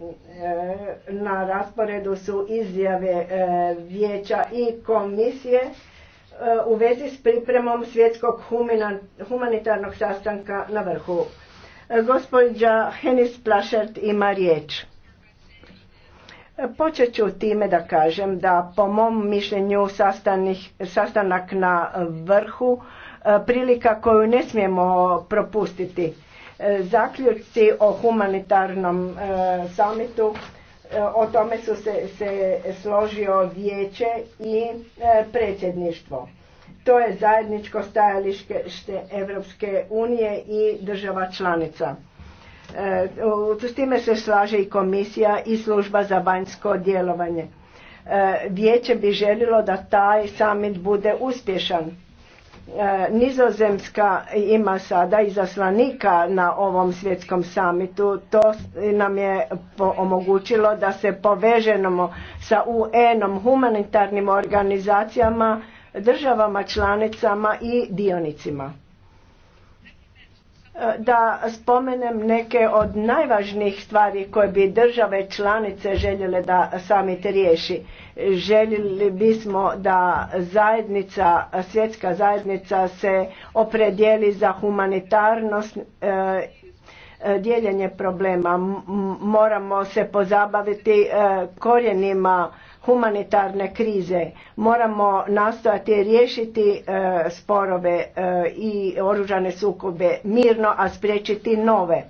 E, na rasporedu su izjave e, vijeća i komisije e, u vezi s pripremom svjetskog humanitarnog sastanka na vrhu. Gospođa Henis Plašert ima riječ. Počet ću time da kažem da po mom mišljenju sastanak na vrhu prilika koju ne smijemo propustiti E, zaključci o humanitarnom e, samitu e, o tome su se, se složio vijeće i predsjedništvo. To je zajedničko stajalište Europske unije i država članica. S time se slaže i komisija i služba za vanjsko djelovanje. Vijeće bi želilo da taj summit bude uspješan E, Nizozemska ima sada izaslanika na ovom svjetskom samitu. To nam je omogućilo da se povežemo sa UN-om, humanitarnim organizacijama, državama članicama i dionicima da spomenem neke od najvažnijih stvari koje bi države članice željele da sami riješi. Željeli bismo da zajednica, svjetska zajednica se opredijeli za humanitarnost e, e, dijeljenje problema. Moramo se pozabaviti e, korijenima humanitarne krize moramo nastojati riješiti e, sporove e, i oružane sukobe mirno a spriječiti nove e,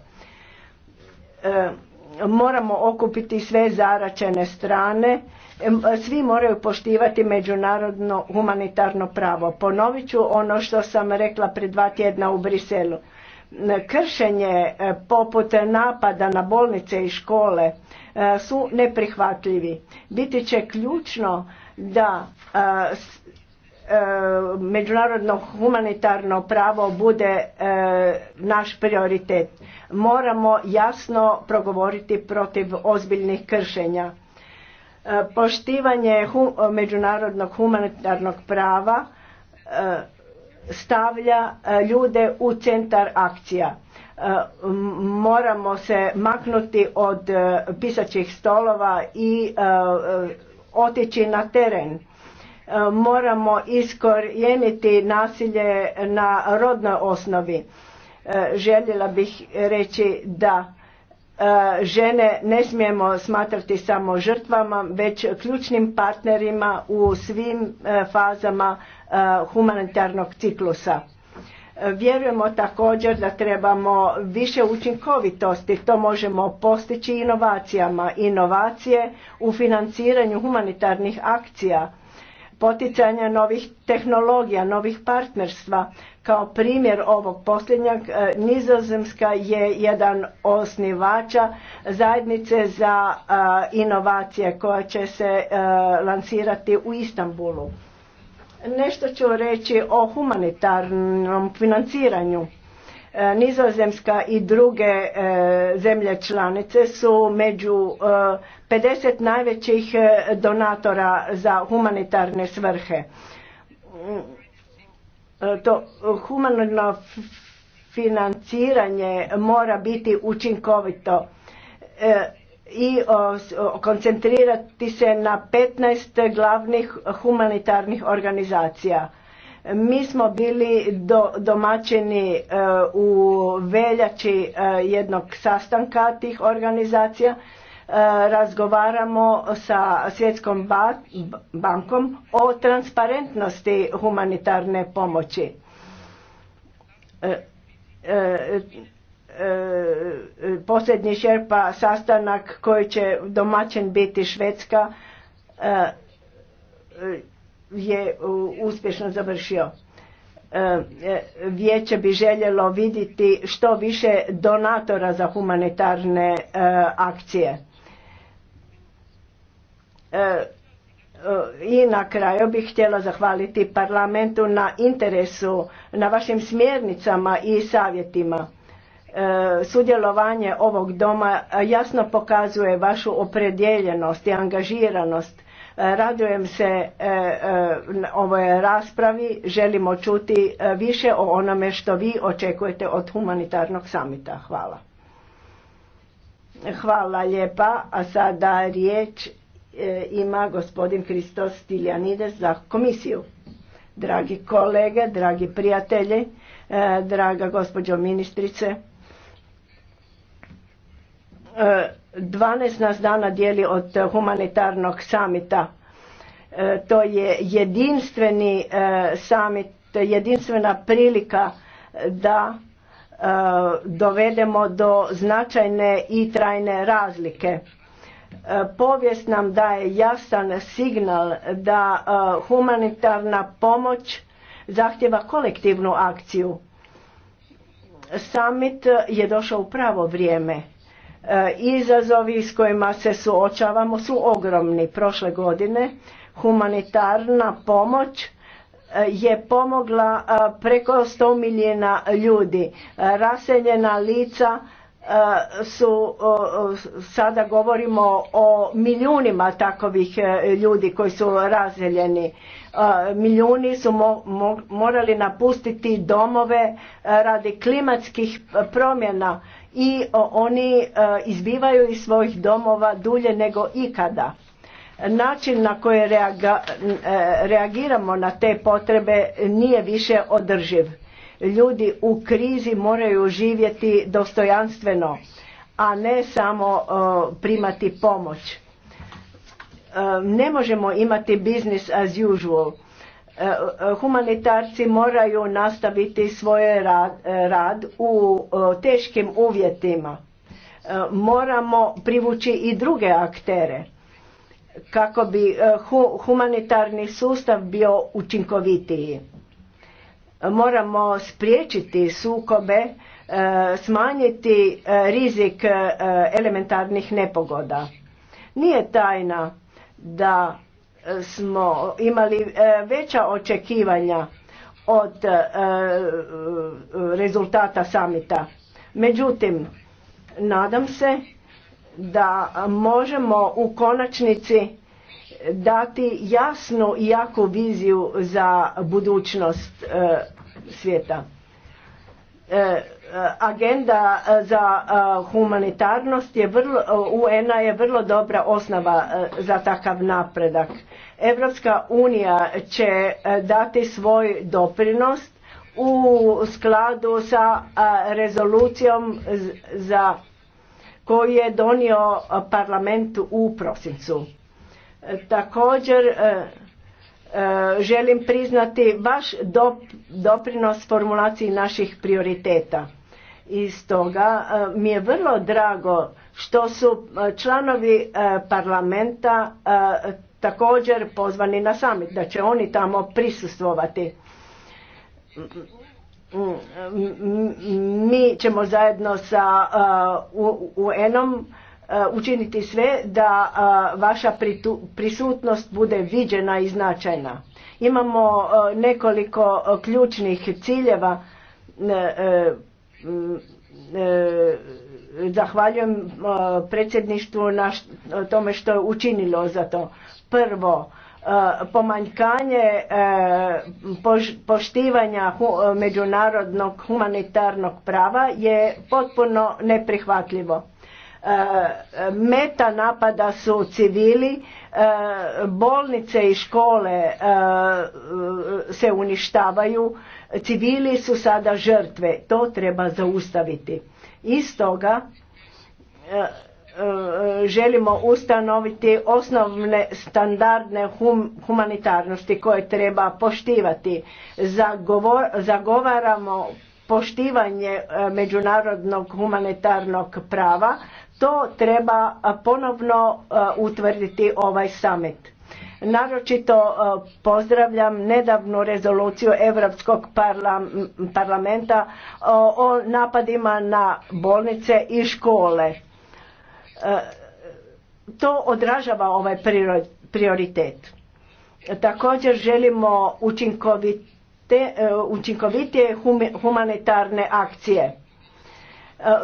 moramo okupiti sve zaračene strane svi moraju poštivati međunarodno humanitarno pravo ponovit ću ono što sam rekla pred dva tjedna u briselu E, kršenje e, poput napada na bolnice i škole e, su neprihvatljivi. Biti će ključno da međunarodno humanitarno pravo bude naš prioritet. Moramo jasno progovoriti protiv ozbiljnih kršenja. Poštivanje međunarodnog humanitarnog prava stavlja e, ljude u centar akcija. E, moramo se maknuti od e, pisaćih stolova i otići na teren. Moramo iskorijeniti nasilje na rodnoj osnovi. Željela bih reći da žene ne smijemo smatrati samo žrtvama, već ključnim partnerima u svim fazama Eh, humanitarnog ciklusa. Eh, vjerujemo također da trebamo više učinkovitosti, to možemo postići inovacijama. Inovacije u financiranju humanitarnih akcija, poticanja novih tehnologija, novih partnerstva. Kao primjer ovog posljednjeg, eh, Nizozemska je jedan osnivača zajednice za inovacije koja će se lansirati u Istanbulu Nešto ću reći o humanitarnom financiranju. E, Nizozemska i druge e, zemlje članice su među 50 e, najvećih donatora za humanitarne svrhe. To humanitarno financiranje mora biti učinkovito i koncentrirati se na 15 glavnih humanitarnih organizacija. Mi smo bili do, domaćini e, u veljači e, jednog sastanka tih organizacija. E, razgovaramo sa Svjetskom bankom o transparentnosti humanitarne pomoći. e, E, posljednji šerpa sastanak koji će domaćin biti Švedska e, e, je uspješno završio. Vijeće bi željelo vidjeti što više donatora za humanitarne akcije. I na kraju bih htjela zahvaliti parlamentu na interesu, na vašim smjernicama i savjetima E, sudjelovanje ovog doma e, jasno pokazuje vašu opredjeljenost i angažiranost. E, radujem se ovoj raspravi, želimo čuti više o onome što vi očekujete od humanitarnog samita. Hvala. Hvala lijepa, a sada riječ ima gospodin Kristos Stiljanides za komisiju. Dragi kolege, dragi prijatelji, draga gospođo ministrice, 12 nas dana dijeli od humanitarnog samita. E, to je jedinstveni e, samit, jedinstvena prilika da e, dovedemo do značajne i trajne razlike. Povijest nam daje jasan signal da humanitarna pomoć zahtjeva kolektivnu akciju. Summit je došao u pravo vrijeme E, izazovi s kojima se suočavamo su ogromni. Prošle godine humanitarna pomoć e, je pomogla e, preko 100 milijuna ljudi. Raseljena lica su, sada govorimo o milijunima takovih ljudi koji su raseljeni. Milijuni su morali napustiti domove radi klimatskih promjena i oni e, izbivaju iz svojih domova dulje nego ikada. Način na koji e, reagiramo na te potrebe nije više održiv. Ljudi u krizi moraju živjeti dostojanstveno, a ne samo primati pomoć. E, ne možemo imati business as usual E, humanitarci moraju nastaviti svoj rad, e, rad u e, teškim uvjetima. Moramo privući i druge aktere kako bi humanitarni sustav bio učinkovitiji. Moramo spriječiti sukobe, smanjiti rizik elementarnih nepogoda. Nije tajna da smo imali e, veća očekivanja od e, rezultata samita. Međutim, nadam se da možemo u konačnici dati jasnu i jaku viziju za budućnost e, svijeta. Eh, agenda eh, za eh, humanitarnost je vrlo, un je vrlo dobra osnova za takav napredak. Evropska unija će dati svoj doprinos u skladu sa rezolucijom za koju je donio parlament u prosincu. Također želim priznati vaš doprinos formulaciji naših prioriteta i stoga e, mi je vrlo drago što su e, članovi e, parlamenta također pozvani na summit, da će oni tamo prisustvovati. Mi ćemo zajedno sa UN-om učiniti sve da vaša prisutnost bude viđena i značajna. Imamo nekoliko ključnih ciljeva Mm, e, zahvaljujem e, predsjedništvu na tome što je učinilo za to. Prvo, e, pomanjkanje poštivanja međunarodnog humanitarnog prava je potpuno neprihvatljivo. Meta napada su civili, bolnice i škole se uništavaju, Civili su sada žrtve, to treba zaustaviti. Iz toga e, e, želimo ustanoviti osnovne standardne humanitarnosti koje treba poštivati. zagovaramo poštivanje e, međunarodnog humanitarnog prava. To treba ponovno utvrditi ovaj summit. Naročito e, pozdravljam nedavnu rezoluciju Europskog parlamenta e, o napadima na bolnice i škole. E, to odražava ovaj prioritet. Također želimo učinkovite, učinkovitije humanitarne akcije.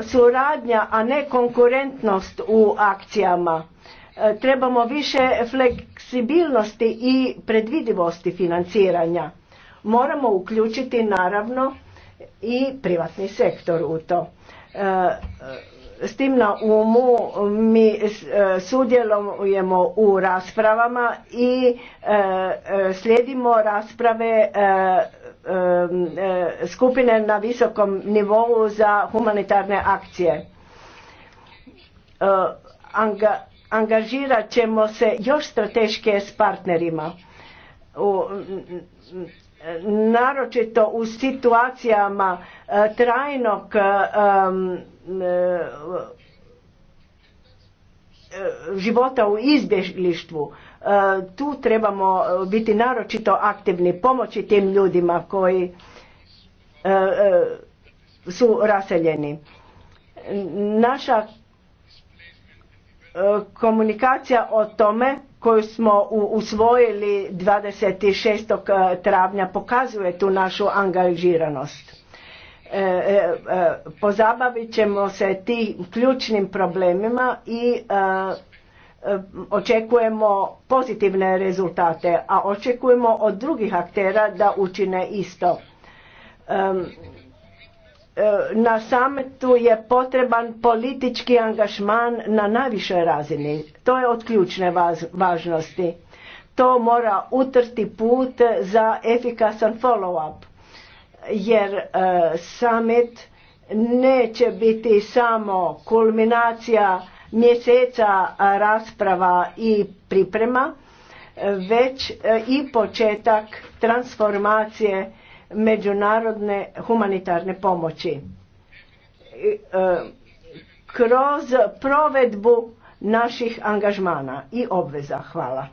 Suradnja, a ne konkurentnost u akcijama E, trebamo više fleksibilnosti i predvidivosti financiranja. Moramo uključiti naravno i privatni sektor u to. E, s tim na umu mi e, sudjelujemo u raspravama i slijedimo rasprave skupine na visokom nivou za humanitarne akcije angažirat ćemo se još strateške s partnerima. U, naročito u situacijama e, trajnog um, života u izbjeglištvu tu trebamo biti naročito aktivni pomoći tim ljudima koji su raseljeni naša E, komunikacija o tome koju smo usvojili 26. E, travnja pokazuje tu našu angažiranost. E, pozabavit ćemo se tim ključnim problemima i očekujemo pozitivne rezultate, a očekujemo od drugih aktera da učine isto. E, na sametu je potreban politički angažman na najvišoj razini. To je od ključne važnosti. To mora utrti put za efikasan follow-up, jer e, samet neće biti samo kulminacija mjeseca rasprava i priprema, e, već i početak transformacije međunarodne humanitarne pomoći. E, kroz provedbu naših angažmana i obveza. Hvala.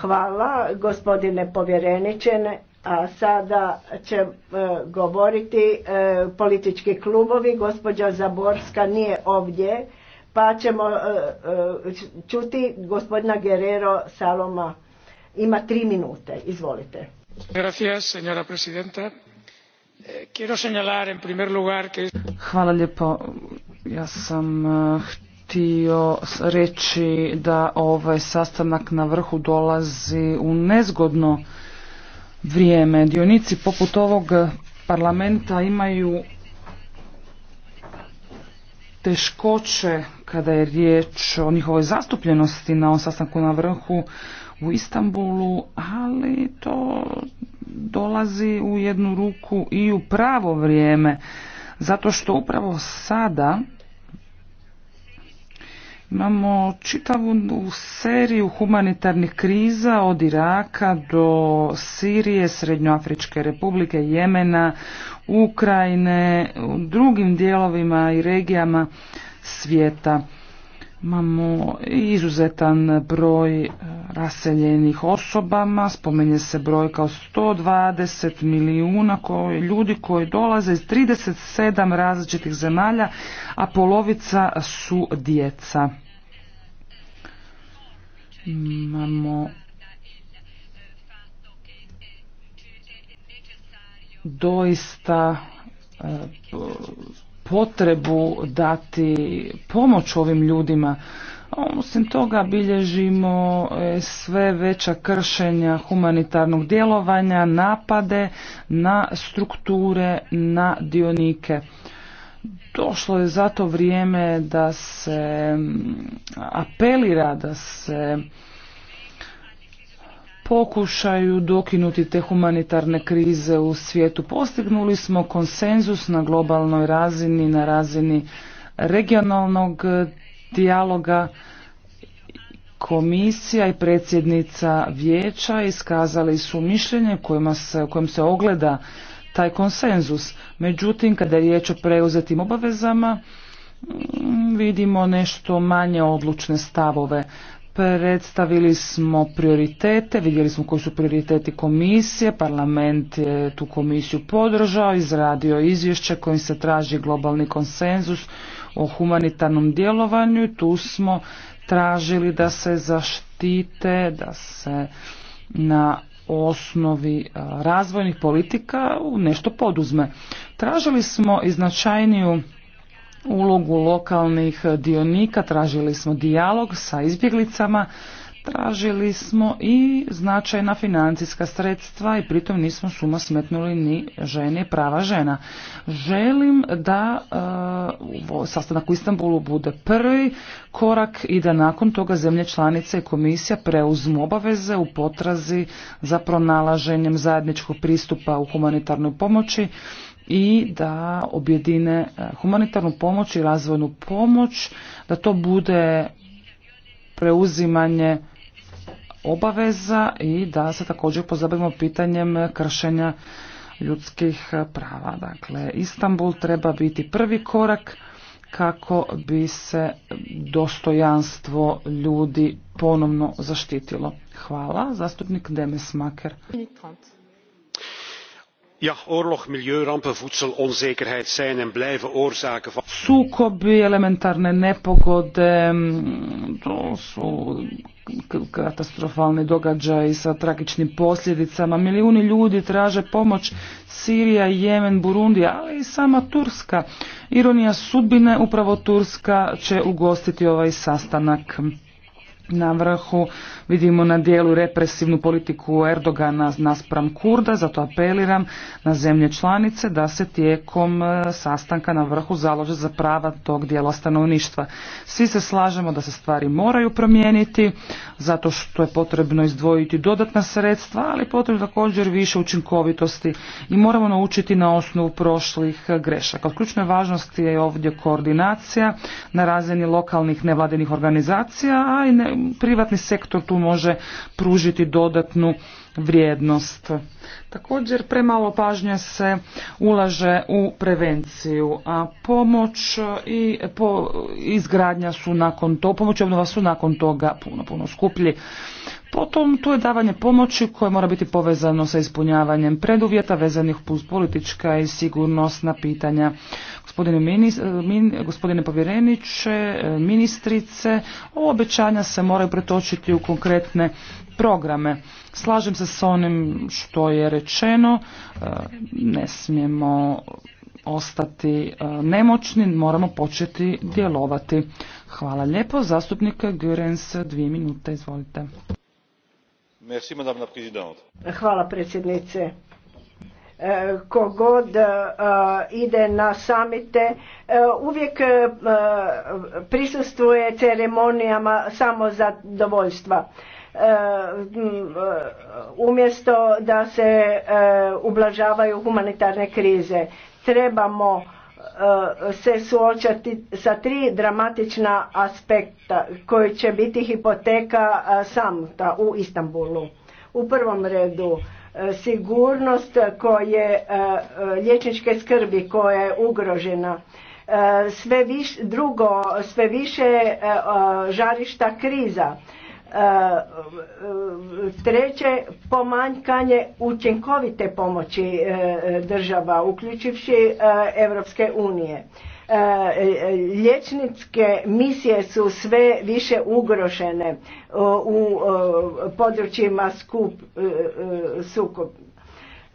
Hvala gospodine povjereničene. A sada će e, govoriti e, politički klubovi. Gospođa Zaborska nije ovdje, pa ćemo čuti gospodina Gerero Saloma. Ima tri minute. Izvolite. Eh, Hvala lijepo. Ja sam eh, htio reći da ovaj sastanak na vrhu dolazi u nezgodno vrijeme. Dionici poput ovog parlamenta imaju teškoće kada je riječ o njihovoj zastupljenosti na ovom sastanku na vrhu u Istanbulu, ali to dolazi u jednu ruku i u pravo vrijeme, zato što upravo sada Imamo čitavu seriju humanitarnih kriza od Iraka do Sirije, Srednjoafričke republike, Jemena, Ukrajine, u drugim dijelovima i regijama svijeta. Imamo izuzetan broj e, raseljenih osobama, spomenje se brojka od 120 milijuna koji, ljudi koji dolaze iz 37 različitih zemalja, a polovica su djeca. Imamo doista e, potrebu dati pomoć ovim ljudima. Osim toga bilježimo e, sve veća kršenja humanitarnog djelovanja, napade na strukture, na dionike. Došlo je zato vrijeme da se apelira, da se pokušaju dokinuti te humanitarne krize u svijetu. Postignuli smo konsenzus na globalnoj razini, na razini regionalnog dijaloga. Komisija i predsjednica vijeća iskazali su mišljenje kojima se, kojim se ogleda taj konsenzus. Međutim, kada je riječ o preuzetim obavezama, mm, vidimo nešto manje odlučne stavove. Predstavili smo prioritete, vidjeli smo koji su prioriteti komisije, parlament je tu komisiju podržao, izradio izvješće kojim se traži globalni konsenzus o humanitarnom djelovanju i tu smo tražili da se zaštite, da se na osnovi e, razvojnih politika nešto poduzme. Tražili smo i značajniju ulogu lokalnih dionika, tražili smo dijalog sa izbjeglicama, tražili smo i značajna financijska sredstva i pritom nismo suma smetnuli ni žene i prava žena. Želim da eh, sastanak u Istanbulu bude prvi korak i da nakon toga zemlje članice i komisija preuzmu obaveze u potrazi za pronalaženjem zajedničkog pristupa u humanitarnoj pomoći i da objedine e, humanitarnu pomoć i razvojnu pomoć, da to bude preuzimanje obaveza i da se također pozabavimo pitanjem kršenja ljudskih prava. Dakle, Istanbul treba biti prvi korak kako bi se dostojanstvo ljudi ponovno zaštitilo. Hvala, zastupnik Demes Maker ja oorlog milieurampen voedselonzekerheid zijn en blijven oorzaken van sukobi elementarne nepogode mm, to su katastrofalni događaji sa tragičnim posljedicama milijuni ljudi traže pomoć Sirija, Jemen, Burundija ali i sama Turska ironija sudbine upravo Turska će ugostiti ovaj sastanak na vrhu, vidimo na dijelu represivnu politiku Erdogana naspram Kurda, zato apeliram na zemlje članice da se tijekom e, sastanka na vrhu založe za prava tog dijela stanovništva. Svi se slažemo da se stvari moraju promijeniti, zato što je potrebno izdvojiti dodatna sredstva, ali potrebno također više učinkovitosti i moramo naučiti na osnovu prošlih grešaka. Od ključne važnosti je ovdje koordinacija na razini lokalnih nevladinih organizacija, a i ne, privatni sektor tu može pružiti dodatnu vrijednost. Također premalo pažnje se ulaže u prevenciju, a pomoć e, i izgradnja su nakon to, pomoć obnova su nakon toga puno, puno skuplji. Potom tu je davanje pomoći koje mora biti povezano sa ispunjavanjem preduvjeta vezanih uz politička i sigurnosna pitanja. Gospodine, eh, gospodine povjereniče, eh, ministrice, ovo obećanja se moraju pretočiti u konkretne programe. Slažem se s onim što je rečeno, eh, ne smijemo ostati nemoćni, moramo početi djelovati. Hvala lijepo, zastupnik Gurens, dvije minute, izvolite. Hvala predsjednice. E, kogod e, ide na samite, e, uvijek prisustvuje ceremonijama samozadovoljstva umjesto da se ublažavaju humanitarne krize. Trebamo Eh, se suočati sa tri dramatična aspekta koji će biti hipoteka eh, samta u Istanbulu. U prvom redu eh, sigurnost koje liječničke skrbi koja je ugrožena. Sve viš, drugo, sve više žarišta kriza E, e, treće, pomanjkanje učinkovite pomoći e, država, uključivši Evropske unije. Liječničke misije su sve više ugrošene u područjima skup, sukob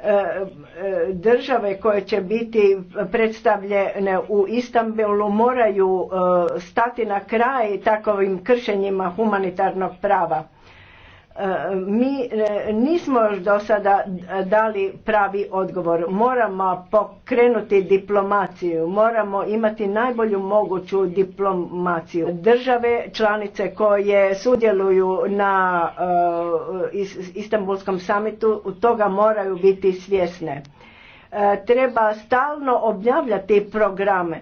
E, e, države koje će biti predstavljene u Istanbulu moraju e, stati na kraj takovim kršenjima humanitarnog prava mi e, nismo još do sada dali pravi odgovor. Moramo pokrenuti diplomaciju, moramo imati najbolju moguću diplomaciju. Države članice koje sudjeluju na e, Istanbulskom samitu toga moraju biti svjesne. E, treba stalno objavljati programe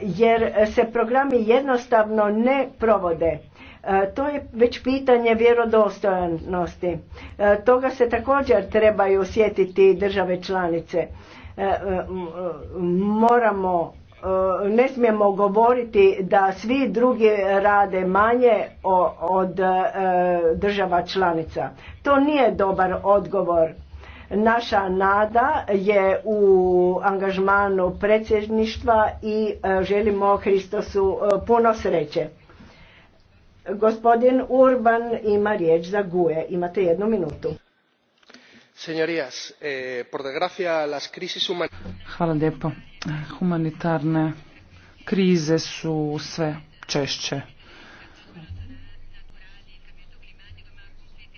jer se programi jednostavno ne provode E, to je već pitanje vjerodostojnosti. E, toga se također trebaju sjetiti države članice. E, moramo, ne smijemo govoriti da svi drugi rade manje od država članica. To nije dobar odgovor. Naša nada je u angažmanu predsjedništva i želimo Hristosu puno sreće. Gospodin Urban ima riječ za GUE. Imate jednu minutu. Señorías, eh, por desgracia las Hvala lijepo. Humanitarne krize su sve češće.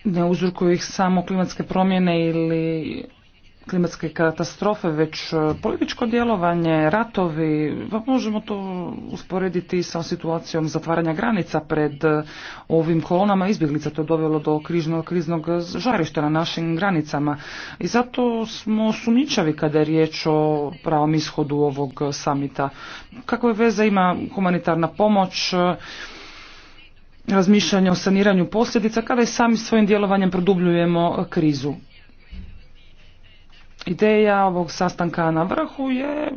Ne uzrokuju ih samo klimatske promjene ili klimatske katastrofe, već e, političko djelovanje, ratovi, pa možemo to usporediti sa situacijom zatvaranja granica pred e, ovim kolonama izbjeglica. To je dovelo do križnog, kriznog žarišta na našim granicama. I zato smo sumničavi kada je riječ o pravom ishodu ovog samita. je veze ima humanitarna pomoć, e, razmišljanje o saniranju posljedica kada i sami svojim djelovanjem produbljujemo krizu. Ideja ovog sastanka na vrhu je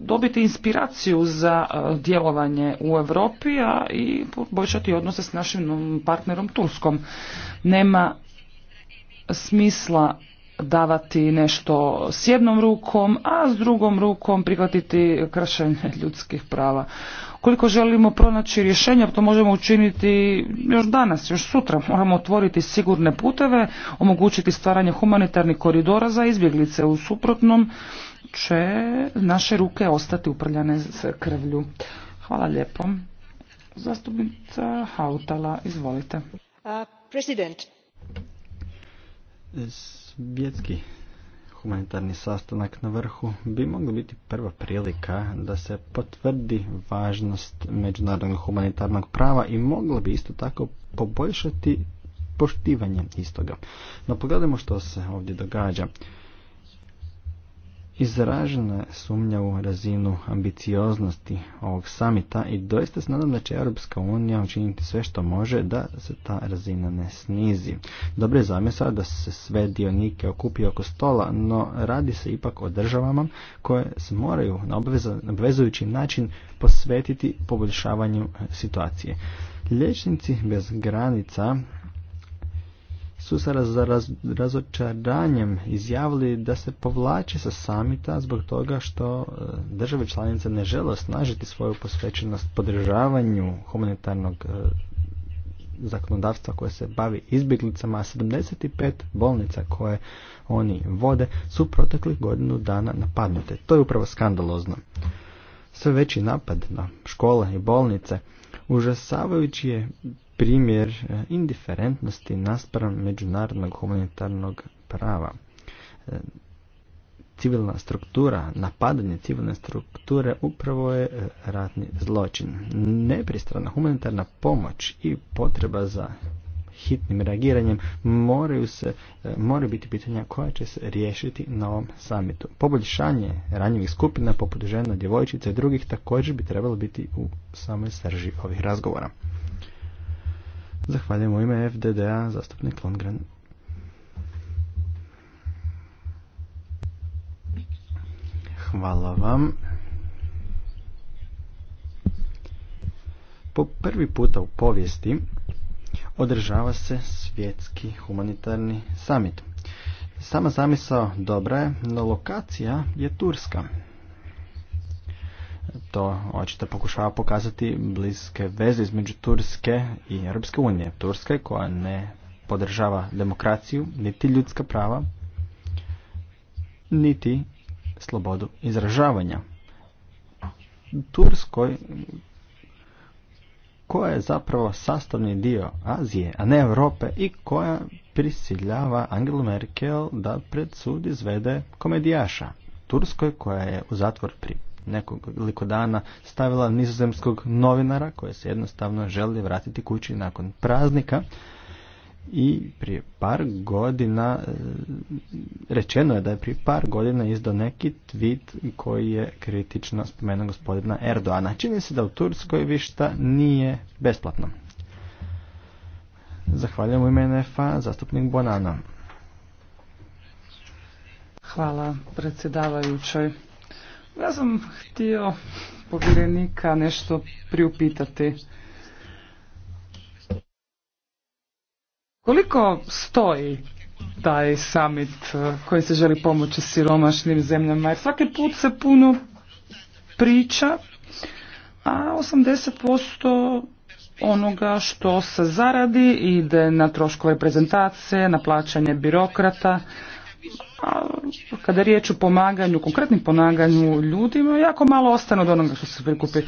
dobiti inspiraciju za e, djelovanje u Europi, a i poboljšati odnose s našim partnerom Turskom. Nema smisla davati nešto s jednom rukom, a s drugom rukom prihvatiti kršenje ljudskih prava. Ukoliko želimo pronaći rješenja, to možemo učiniti još danas, još sutra. Moramo otvoriti sigurne puteve, omogućiti stvaranje humanitarnih koridora za izbjeglice. U suprotnom će naše ruke ostati uprljane s krvlju. Hvala lijepo. Zastupnica Hautala, izvolite. Uh, president. Svjetski humanitarni sastanak na vrhu bi mogla biti prva prilika da se potvrdi važnost međunarodnog humanitarnog prava i mogla bi isto tako poboljšati poštivanje istoga. No pogledajmo što se ovdje događa. Izražena sumnja u razinu ambicioznosti ovog samita i doista se nadam da će Europska unija učiniti sve što može da se ta razina ne snizi. Dobre zamisao da se sve dionike okupi oko stola, no radi se ipak o državama koje se moraju na obvezujući način posvetiti poboljšavanju situacije. Liječnici bez granica su sa raz, razočaranjem izjavili da se povlače sa samita zbog toga što e, države članice ne žele osnažiti svoju posvećenost podržavanju humanitarnog e, zakonodavstva koje se bavi izbjeglicama, a 75 bolnica koje oni vode su proteklih godinu dana napadnute. To je upravo skandalozno. Sve veći napad na škole i bolnice užasavajući je primjer e, indiferentnosti naspram međunarodnog humanitarnog prava. E, civilna struktura, napadanje civilne strukture upravo je e, ratni zločin. Nepristrana humanitarna pomoć i potreba za hitnim reagiranjem moraju, se, moraju biti pitanja koja će se riješiti na ovom samitu. Poboljšanje ranjivih skupina poput žena, djevojčica i drugih također bi trebalo biti u samoj srži ovih razgovora. Zahvaljujem u ime FDDA, zastupnik Longren. Hvala vam. Po prvi puta u povijesti održava se svjetski humanitarni samit. Sama zamisao dobra je, no lokacija je Turska to očito pokušava pokazati bliske veze između Turske i Europske unije. Turske koja ne podržava demokraciju, niti ljudska prava, niti slobodu izražavanja. Turskoj koja je zapravo sastavni dio Azije, a ne Europe i koja prisiljava Angelu Merkel da pred sud izvede komedijaša. Turskoj koja je u zatvor pri nekoliko dana stavila nizozemskog novinara koji se jednostavno želi vratiti kući nakon praznika i prije par godina e, rečeno je da je prije par godina izdao neki tweet koji je kritično spomenuo gospodina Erdoana. Čini se da u Turskoj višta nije besplatno. Zahvaljujem u ime NFA, zastupnik Bonano. Hvala predsjedavajućoj. Ja sam htio povjerenika nešto priupitati. Koliko stoji taj summit e, koji se želi pomoći siromašnim zemljama? Jer svaki put se puno priča, a 80% onoga što se zaradi ide na troškove prezentacije, na plaćanje birokrata, a kada je riječ o pomaganju, konkretnim pomaganju ljudima, jako malo ostane od onoga što se prikupi.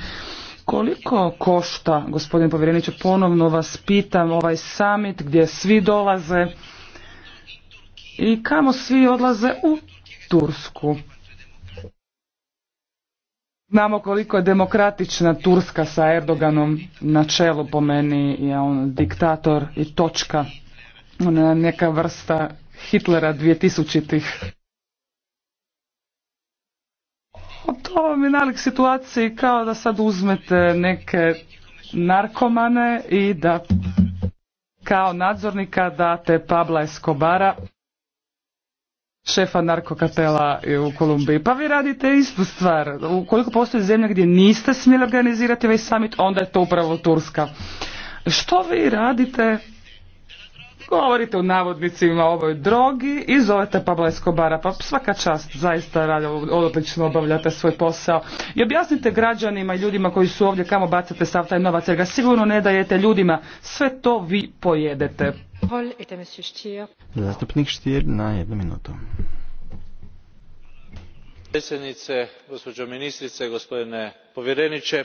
Koliko košta, gospodin povjereniče, ponovno vas pitam, ovaj summit gdje svi dolaze i kamo svi odlaze u Tursku? Znamo koliko je demokratična Turska sa Erdoganom na čelu po meni je on diktator i točka. Ona neka vrsta Hitlera 2000-ih. To vam je nalik situaciji kao da sad uzmete neke narkomane i da kao nadzornika date Pabla Escobara šefa narkokatela u Kolumbiji. Pa vi radite istu stvar. Ukoliko postoji zemlja gdje niste smjeli organizirati ovaj summit, onda je to upravo Turska. Što vi radite Govorite u navodnicima o ovoj drogi i zovete Pablo Escobara. Pa svaka čast, zaista radio, odlično obavljate svoj posao. I objasnite građanima i ljudima koji su ovdje kamo bacate sav taj novac, jer ga sigurno ne dajete ljudima. Sve to vi pojedete. Zastupnik Štijer na jednu minutu. Predsjednice, gospođo ministrice, gospodine povjereniče,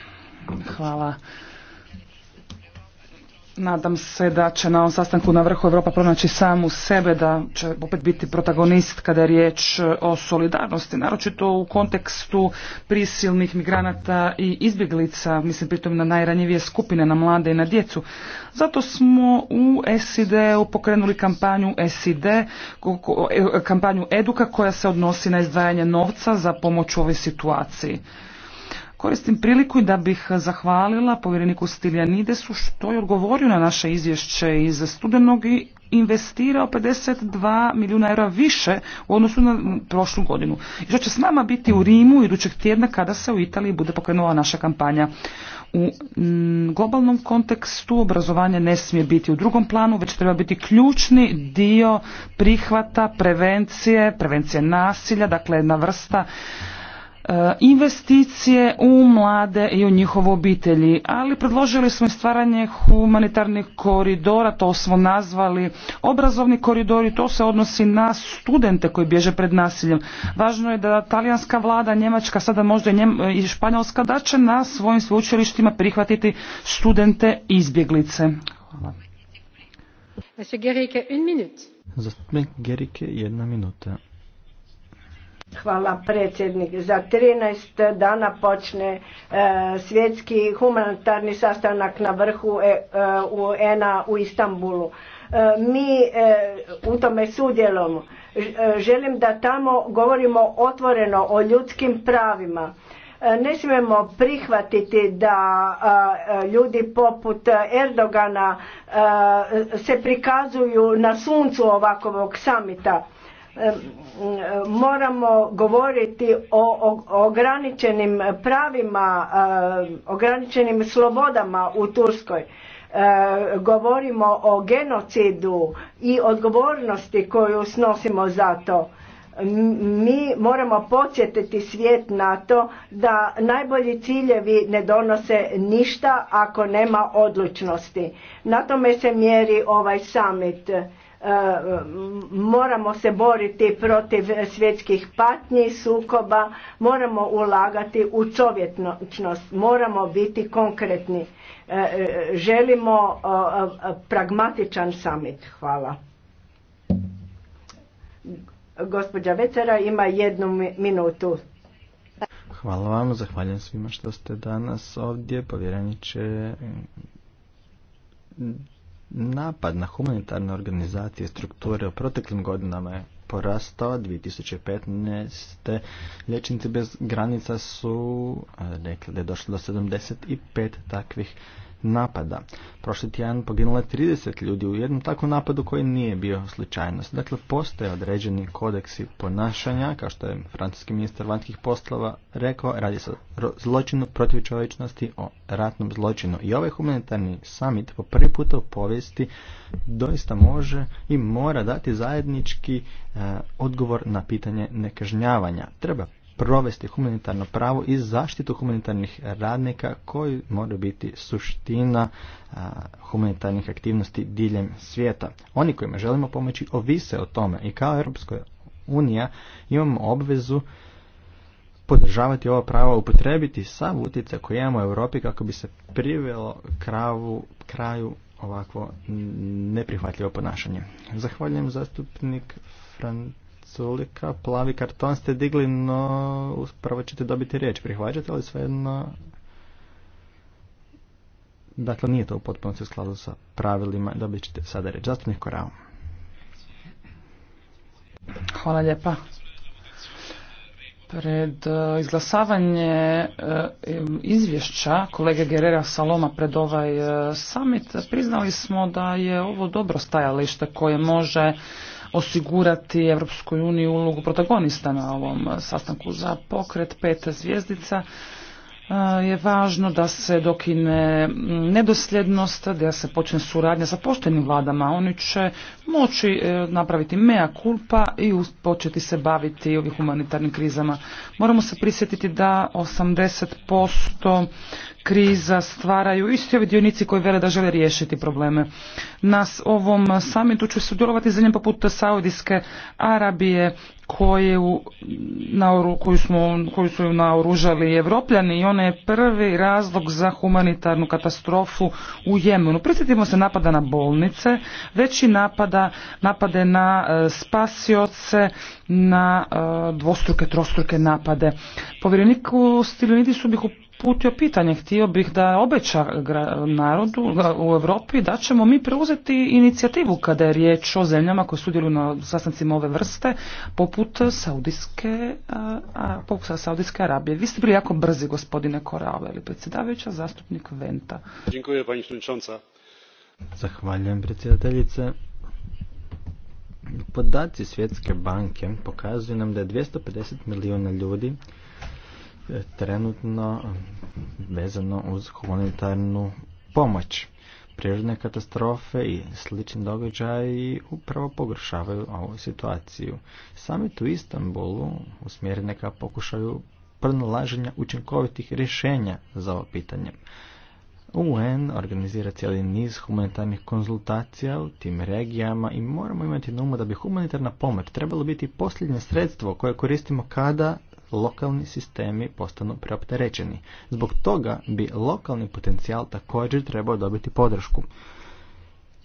Hvala. Nadam se da će na ovom sastanku na vrhu Europa pronaći samu sebe, da će opet biti protagonist kada je riječ e, o solidarnosti, naročito u kontekstu prisilnih migranata i izbjeglica, mislim pritom na najranjivije skupine, na mlade i na djecu. Zato smo u SID-u pokrenuli kampanju SID, e, kampanju Eduka koja se odnosi na izdvajanje novca za pomoć u ovoj situaciji. Koristim priliku da bih zahvalila povjereniku Stiljanidesu što je odgovorio na naše izvješće iz studenog i investirao 52 milijuna eura više u odnosu na prošlu godinu. I što će s nama biti u Rimu idućeg tjedna kada se u Italiji bude pokrenula naša kampanja. U mm, globalnom kontekstu obrazovanje ne smije biti u drugom planu, već treba biti ključni dio prihvata, prevencije, prevencije nasilja, dakle jedna vrsta E, investicije u mlade i u njihovo obitelji, ali predložili smo i stvaranje humanitarnih koridora, to smo nazvali obrazovni koridori, to se odnosi na studente koji bježe pred nasiljem. Važno je da talijanska vlada, njemačka, sada možda i španjolska, da će na svojim sveučilištima prihvatiti studente izbjeglice. Hvala. Gerike, jedna minuta. Hvala predsjednik. Za 13 dana počne e, svjetski humanitarni sastanak na vrhu e, e, u u Istanbulu. Mi u tome sudjelujemo. Želim da tamo govorimo otvoreno o ljudskim pravima. Ne smijemo prihvatiti da ljudi poput Erdogana se prikazuju na suncu ovakvog samita moramo govoriti o ograničenim pravima, ograničenim slobodama u Turskoj. Govorimo o genocidu i odgovornosti koju snosimo za to. Mi moramo podsjetiti svijet na to da najbolji ciljevi ne donose ništa ako nema odlučnosti. Na tome se mjeri ovaj summit Eh, moramo se boriti protiv svjetskih patnji, sukoba, moramo ulagati u čovjetnost, moramo biti konkretni. Eh, eh, želimo pragmatičan summit. Hvala. Gospođa Vecera ima jednu minutu. Hvala vam, zahvaljujem svima što ste danas ovdje, povjereniče Napad na humanitarne organizacije strukture u proteklim godinama je porastao 2015. Liječnici bez granica su eh, rekli da je došlo do 75 takvih napada. Prošli tjedan poginulo je 30 ljudi u jednom takvom napadu koji nije bio slučajnost. Dakle, postoje određeni kodeksi ponašanja, kao što je francuski ministar vanjskih poslova rekao, radi se o zločinu protiv čovječnosti, o ratnom zločinu. I ovaj humanitarni summit po prvi puta u povijesti doista može i mora dati zajednički eh, odgovor na pitanje nekažnjavanja. Treba provesti humanitarno pravo i zaštitu humanitarnih radnika koji moraju biti suština humanitarnih aktivnosti diljem svijeta. Oni kojima želimo pomoći ovise o tome i kao Europska unija imamo obvezu podržavati ova prava, upotrebiti sav utjecaj koji imamo u Europi kako bi se privelo kravu, kraju ovakvo neprihvatljivo ponašanje. Zahvaljujem zastupnik Fran Culika. Plavi karton ste digli, no prvo ćete dobiti riječ. Prihvaćate li svejedno? Dakle, nije to u potpunosti u skladu sa pravilima. Dobit ćete sada riječ. Zastupnik Korao. Hvala lijepa. Pred e, izglasavanje e, izvješća kolege Gerera Saloma pred ovaj e, summit priznali smo da je ovo dobro stajalište koje može osigurati Europskoj uniji ulogu protagonista na ovom sastanku za pokret pet zvjezdica je važno da se dokine nedosljednost, da se počne suradnja sa poštenim vladama. Oni će moći e, napraviti mea culpa i početi se baviti ovih humanitarnim krizama. Moramo se prisjetiti da 80% kriza stvaraju isti ovi dionici koji vele da žele riješiti probleme. Nas ovom samitu će sudjelovati zemlje poput Saudijske Arabije, koju, koju, smo, koju su naoružali Evropljani i ona je prvi razlog za humanitarnu katastrofu u Jemenu. Prisjetimo se napada na bolnice, veći napada, napade na e, spasioce, na e, dvostruke, trostruke napade. Povjereniku Stilinidisu su bih uputio pitanje. Htio bih da obeća narodu u Europi da ćemo mi preuzeti inicijativu kada je riječ o zemljama koje sudjeluju na sastancima ove vrste, poput Saudijske, a, poput Saudijske Arabije. Vi ste bili jako brzi, gospodine Korao, ili predsjedavajuća, zastupnik Venta. Dziękuję, pani Zahvaljujem, predsjedateljice. Podaci Svjetske banke pokazuju nam da je 250 milijuna ljudi trenutno vezano uz humanitarnu pomoć. Prirodne katastrofe i slični događaji upravo pogoršavaju ovu situaciju. Samit u Istanbulu usmjeri neka pokušaju pronalaženja učinkovitih rješenja za ovo pitanje. UN organizira cijeli niz humanitarnih konzultacija u tim regijama i moramo imati na umu da bi humanitarna pomoć trebalo biti posljednje sredstvo koje koristimo kada lokalni sistemi postanu preopterećeni. Zbog toga bi lokalni potencijal također trebao dobiti podršku.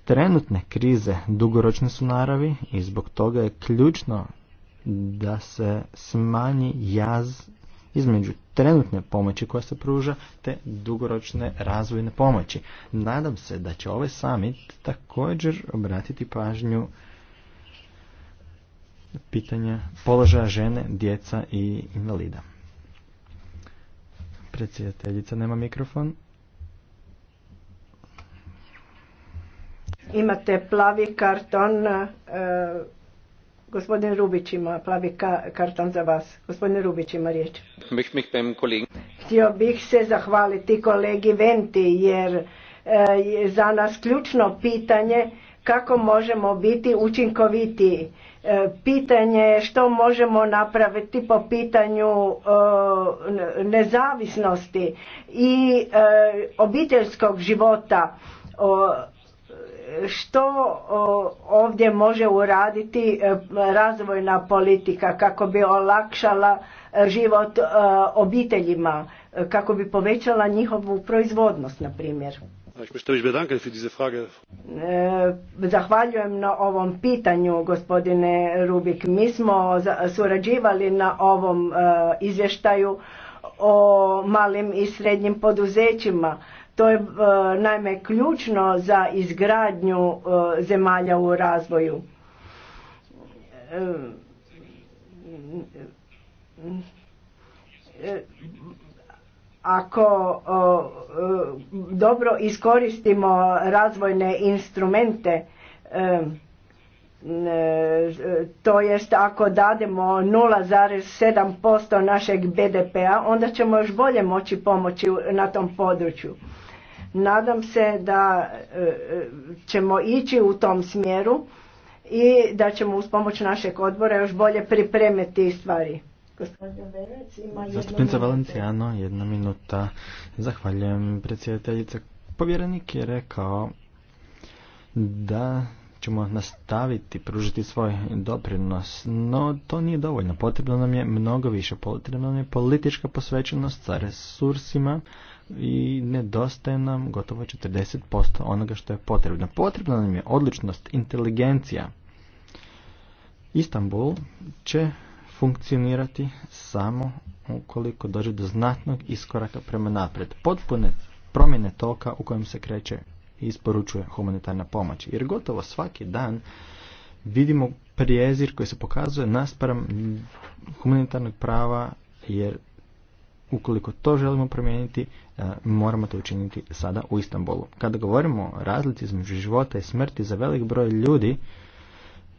Trenutne krize dugoročne su naravi i zbog toga je ključno da se smanji jaz između trenutne pomoći koja se pruža te dugoročne razvojne pomoći. Nadam se da će ovaj summit također obratiti pažnju pitanje položaja žene, djeca i invalida. Predsjedateljica nema mikrofon. Imate plavi karton, e, gospodin Rubić ima plavi karton za vas. Gospodin Rubić ima riječ. Htio bih se zahvaliti kolegi Venti jer e, je za nas ključno pitanje kako možemo biti učinkoviti? E, pitanje je što možemo napraviti po pitanju e, nezavisnosti i e, obiteljskog života. Što ovdje može uraditi razvojna politika kako bi olakšala život obiteljima, kako bi povećala njihovu proizvodnost, na primjer. E, zahvaljujem na ovom pitanju, gospodine Rubik. Mi smo surađivali na ovom e, izvještaju o malim i srednjim poduzećima. To je e, najme ključno za izgradnju zemalja u razvoju ako e, dobro iskoristimo razvojne instrumente e, e, to jest ako dademo 0,7% našeg BDP-a onda ćemo još bolje moći pomoći na tom području. Nadam se da ćemo ići u tom smjeru i da ćemo uz pomoć našeg odbora još bolje pripremiti stvari. Zastupnica Valencijano, jedna minuta. Zahvaljujem predsjedateljice. Povjerenik je rekao da ćemo nastaviti pružiti svoj doprinos, no to nije dovoljno. Potrebno nam je mnogo više, potrebno nam je politička posvećenost sa resursima i nedostaje nam gotovo 40% onoga što je potrebno. Potrebna nam je odličnost, inteligencija. Istanbul će funkcionirati samo ukoliko dođe do znatnog iskoraka prema napred. Potpune promjene toka u kojem se kreće i isporučuje humanitarna pomoć. Jer gotovo svaki dan vidimo prijezir koji se pokazuje naspram humanitarnog prava jer ukoliko to želimo promijeniti e, moramo to učiniti sada u Istanbulu. Kada govorimo o razlici između života i smrti za velik broj ljudi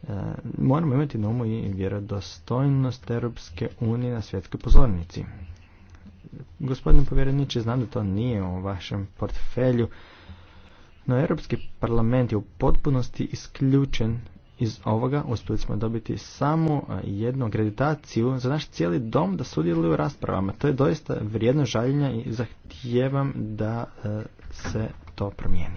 E, moramo imati na umu i vjerodostojnost Europske unije na svjetskoj pozornici. Gospodine povjereniče, znam da to nije u vašem portfelju, no Europski parlament je u potpunosti isključen iz ovoga. Uspjeli smo dobiti samo e, jednu akreditaciju za naš cijeli dom da sudjeluju u raspravama. To je doista vrijedno žaljenja i zahtijevam da e, se to promijeni.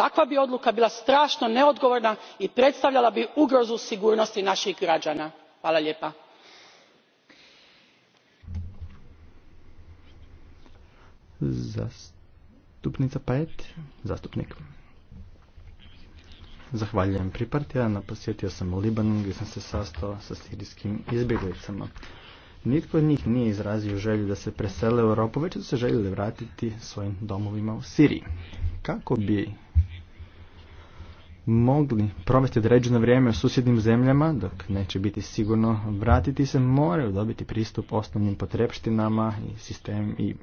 takva bi odluka bila strano neodgovorna i predstavljala bi ugrozu sigurnosti naih graana. zahvaljujem Pripartija. posjetio sam libanon gdje sam se sastao sa sirijskim izbjeglicama nitko od njih nije izrazio želju da se presele u europu već su se željeli vratiti svojim domovima u siriji kako bi mogli provesti određeno vrijeme u susjednim zemljama, dok neće biti sigurno vratiti se, moraju dobiti pristup osnovnim potrepštinama i sistem i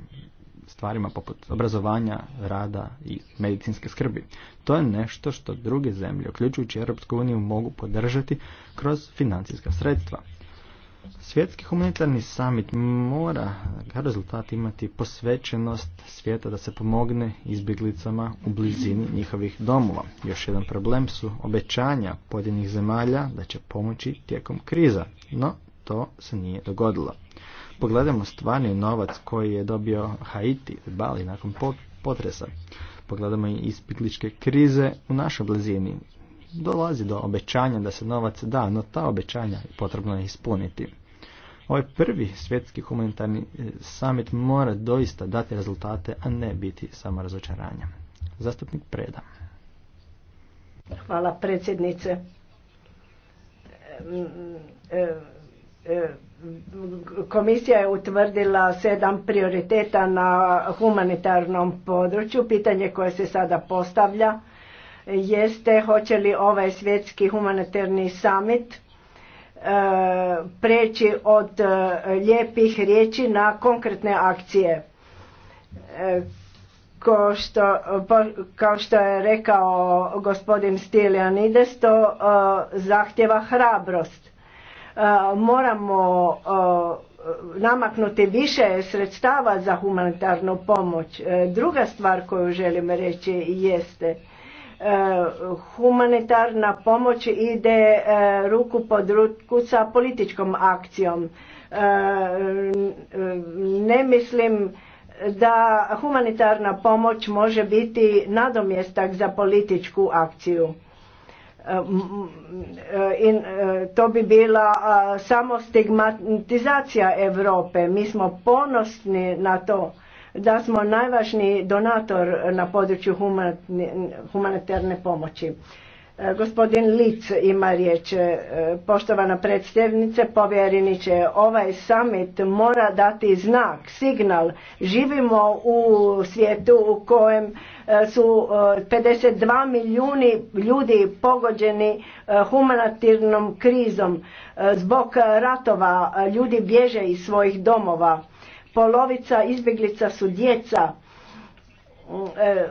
stvarima poput obrazovanja, rada i medicinske skrbi. To je nešto što druge zemlje, uključujući Europsku uniju, mogu podržati kroz financijska sredstva. Svjetski humanitarni summit mora ga rezultat imati posvećenost svijeta da se pomogne izbjeglicama u blizini njihovih domova. Još jedan problem su obećanja pojedinih zemalja da će pomoći tijekom kriza, no to se nije dogodilo. Pogledajmo stvarni novac koji je dobio Haiti, Bali nakon potresa. Pogledamo i izbjegličke krize u našoj blizini dolazi do obećanja da se novac da, no ta obećanja potrebno je ispuniti. Ovaj prvi svjetski humanitarni e, summit mora doista dati rezultate, a ne biti samo razočaranje. Zastupnik Preda. Hvala predsjednice. E, e, komisija je utvrdila sedam prioriteta na humanitarnom području. Pitanje koje se sada postavlja jeste hoće li ovaj svjetski humanitarni summit e, preći od e, lijepih riječi na konkretne akcije. E, kao što, kao što je rekao gospodin Stilianides, to zahtjeva hrabrost. Moramo namaknuti više sredstava za humanitarnu pomoć. Druga stvar koju želim reći jeste E, humanitarna pomoć ide e, ruku pod ruku sa političkom akcijom. E, ne mislim da humanitarna pomoć može biti nadomjestak za političku akciju. to bi bila samo stigmatizacija Europe. Mi smo ponosni na to da smo najvažniji donator na području humanitarne pomoći. E, gospodin Lic ima riječ, e, poštovana predstavnice, povjeriniće, ovaj summit mora dati znak, signal. Živimo u svijetu u kojem e, su 52 milijuni ljudi pogođeni humanitarnom krizom. Zbog ratova ljudi bježe iz svojih domova polovica izbjeglica su djeca. Mm, e,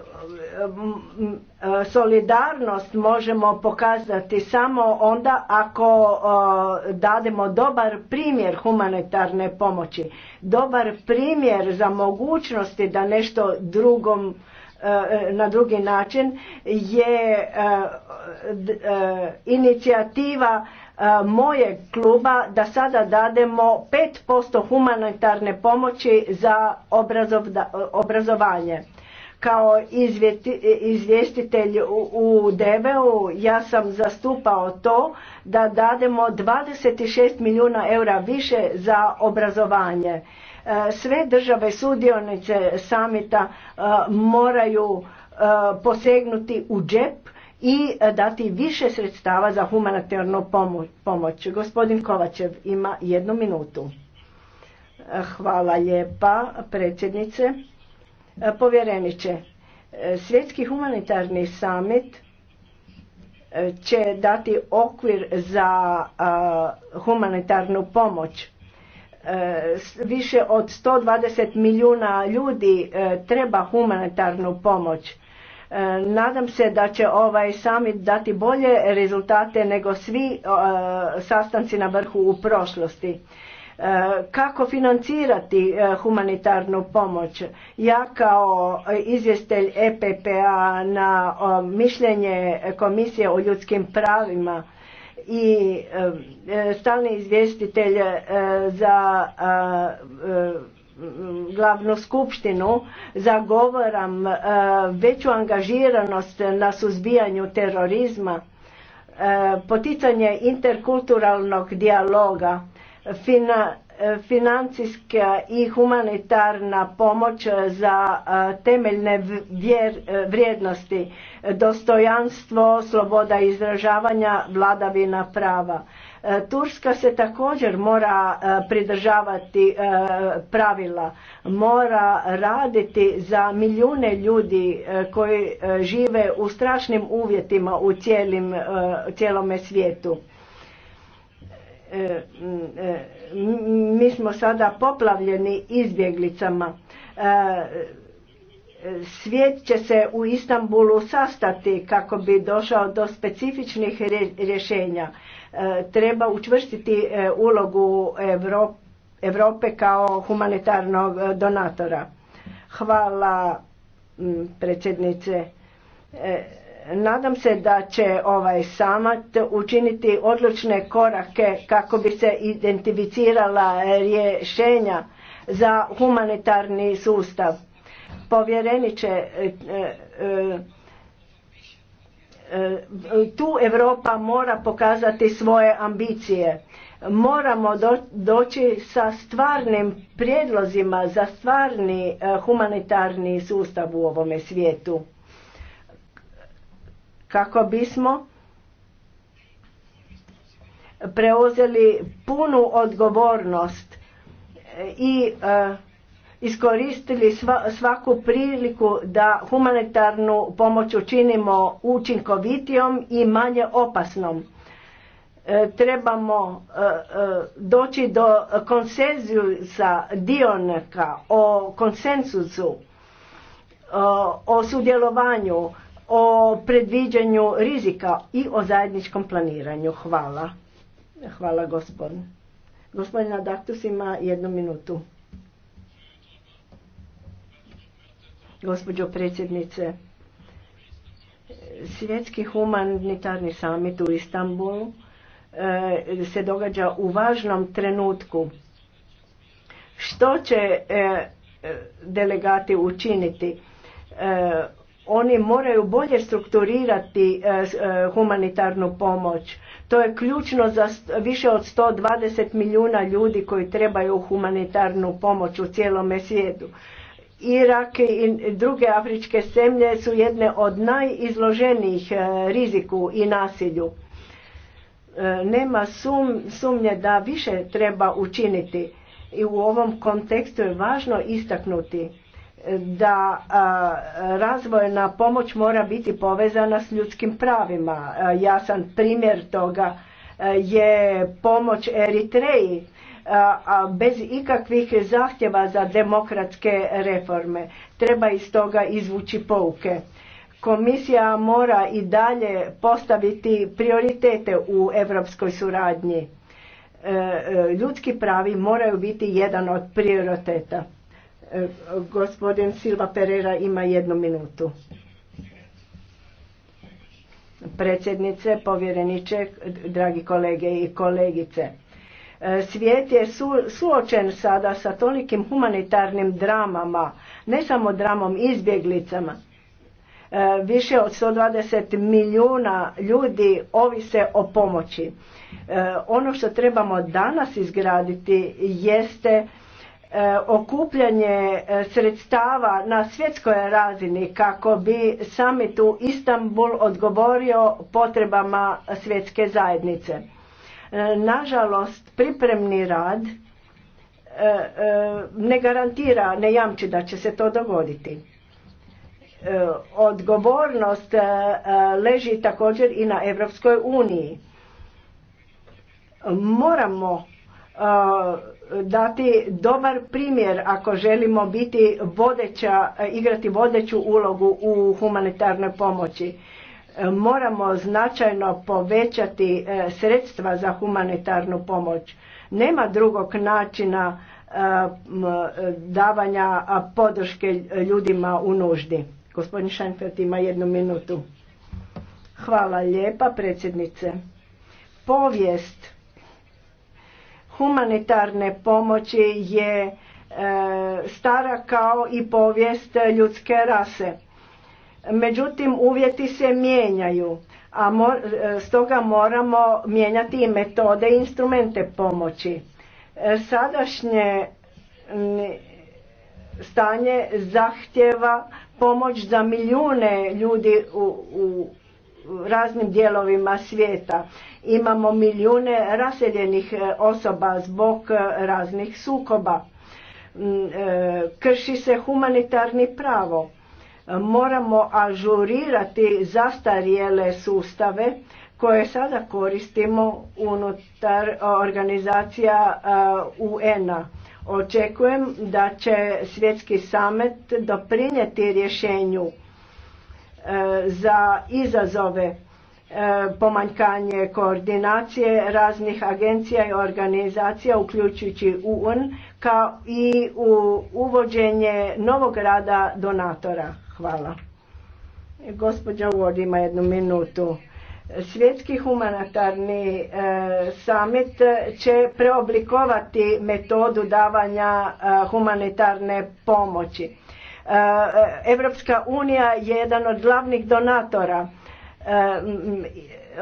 mm, solidarnost možemo pokazati samo onda ako dademo dobar primjer humanitarne pomoći, dobar primjer za mogućnosti da nešto drugom e, na drugi način je e, inicijativa E, moje kluba da sada dademo 5% humanitarne pomoći za e, obrazovanje. Kao e, izvjestitelj u deveu ja sam zastupao to da dademo 26 milijuna eura više za obrazovanje. Sve države sudionice samita moraju posegnuti u džep i e, dati više sredstava za humanitarnu pomoć. Gospodin Kovačev ima jednu minutu. E, hvala lijepa predsjednice. E, povjereniče, svjetski humanitarni summit će dati okvir za humanitarnu pomoć. Više od 120 milijuna ljudi treba humanitarnu pomoć E, nadam se da će ovaj summit dati bolje rezultate nego svi e, sastanci na vrhu u prošlosti. E, kako financirati humanitarnu pomoć? Ja kao izvjestelj EPPA na mišljenje Komisije o ljudskim pravima i stalni izvjestitelj za glavnu skupštinu zagovaram e, veću angažiranost na suzbijanju terorizma, e, poticanje interkulturalnog dijaloga, e, financijska i humanitarna pomoć za temeljne vrijednosti, dostojanstvo, sloboda izražavanja, vladavina prava E, Turska se također mora e, pridržavati e, pravila, mora raditi za milijune ljudi koji žive u strašnim uvjetima u cijelome svijetu. Mi smo sada poplavljeni izbjeglicama. Svijet će se u Istanbulu sastati kako bi došao do specifičnih rješenja E, treba učvrstiti e, ulogu Europe kao humanitarnog e, donatora. Hvala predsjednice. Nadam se da će ovaj samat učiniti odlučne korake kako bi se identificirala rješenja za humanitarni sustav. Povjereniče, E, tu Europa mora pokazati svoje ambicije. Moramo doći sa stvarnim prijedlozima za stvarni e, humanitarni sustav u ovome svijetu. Kako bismo preuzeli punu odgovornost e, i iskoristili svaku priliku da humanitarnu pomoć učinimo učinkovitijom i manje opasnom. E, trebamo e, e, doći do konsenzusa dionika o konsenzusu, o sudjelovanju, o predviđanju rizika i o zajedničkom planiranju. Hvala. Hvala gospodin. Gospodina Daktus ima jednu minutu. gospođo predsjednice. Svjetski humanitarni samit u Istanbulu e, se događa u važnom trenutku. Što će e, e, delegati učiniti? Oni moraju bolje strukturirati humanitarnu pomoć. To je ključno za više od 120 milijuna ljudi koji trebaju humanitarnu pomoć u cijelome svijetu. Irak i druge afričke zemlje su jedne od najizloženijih e, riziku i nasilju. E, nema sumnje da više treba učiniti i u ovom kontekstu je važno istaknuti e, da razvojna pomoć mora biti povezana s ljudskim pravima. Jasan primjer toga je pomoć Eritreji a bez ikakvih zahtjeva za demokratske reforme. Treba iz toga izvući pouke. Komisija mora i dalje postaviti prioritete u europskoj suradnji. E, e, ljudski pravi moraju biti jedan od prioriteta. E, gospodin Silva Pereira ima jednu minutu. Predsjednice, povjereniče, dragi kolege i kolegice Svijet je su, suočen sada sa tolikim humanitarnim dramama, ne samo dramom izbjeglicama. E, više od 120 milijuna ljudi ovise o pomoći. E, ono što trebamo danas izgraditi jeste e, okupljanje e, sredstava na svjetskoj razini kako bi samit u Istanbul odgovorio potrebama svjetske zajednice. E, nažalost, pripremni rad e, e, ne garantira, ne jamči da će se to dogoditi. Odgovornost leži također i na Europskoj uniji. Moramo dati dobar primjer ako želimo biti vodeća, igrati vodeću ulogu u humanitarnoj pomoći moramo značajno povećati e, sredstva za humanitarnu pomoć. Nema drugog načina e, e, davanja podrške ljudima u nuždi. Gospodin Šanfert ima jednu minutu. Hvala lijepa predsjednice. Povijest humanitarne pomoći je stara kao i povijest ljudske rase Međutim, uvjeti se mijenjaju, a e, stoga moramo mijenjati i metode i instrumente pomoći. E, sadašnje stanje zahtjeva pomoć za milijune ljudi u, u raznim dijelovima svijeta. Imamo milijune raseljenih e, osoba zbog raznih sukoba. Krši se humanitarni pravo Moramo ažurirati zastarjele sustave koje sada koristimo unutar e, organizacija e, UN-a. Očekujem da će svjetski samet doprinijeti rješenju e, za izazove pomanjkanje koordinacije raznih agencija i organizacija uključujući UN kao i u uvođenje novog rada donatora. Hvala. Gospođa Uod ima jednu minutu. Svjetski humanitarni samit e, summit će preoblikovati metodu davanja e, humanitarne pomoći. Europska e, unija je jedan od glavnih donatora